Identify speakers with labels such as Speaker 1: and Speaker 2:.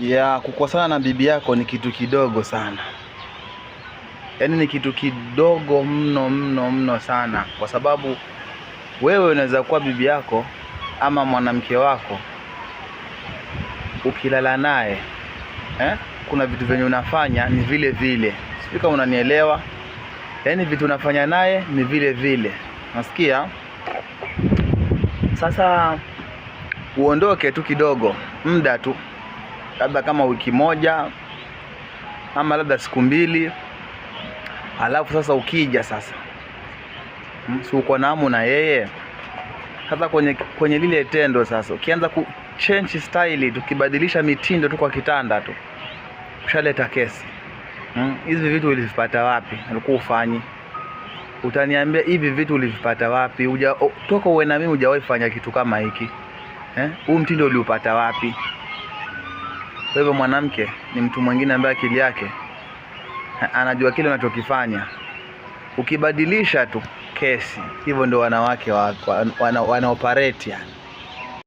Speaker 1: ya kukosana na bibi yako ni kitu kidogo sana, yaani ni kitu kidogo mno mno mno sana, kwa sababu wewe unaweza kuwa bibi yako ama mwanamke wako ukilala naye eh? Kuna vitu vyenye unafanya ni vile vile, sijui kama unanielewa. Yaani vitu unafanya naye ni vile vile, nasikia
Speaker 2: sasa. Uondoke tu kidogo, muda tu labda kama wiki moja ama labda siku mbili, alafu sasa ukija sasa, si uko na hamu na yeye sasa kwenye, kwenye lile tendo sasa, ukianza ku change style, tukibadilisha mitindo tu kwa kitanda tu, ushaleta kesi hivi hmm. Vitu ulivipata wapi? Alikuwa ufanyi utaniambia hivi vitu ulivipata wapi? Uja, toka uwe na mimi hujawahi fanya kitu kama hiki eh, huu Mtindo uliupata wapi? Kwa hivyo mwanamke ni mtu mwingine ambaye akili yake anajua kile unachokifanya, ukibadilisha tu kesi. Hivyo ndio wanawake wana, wana, wana operate yani.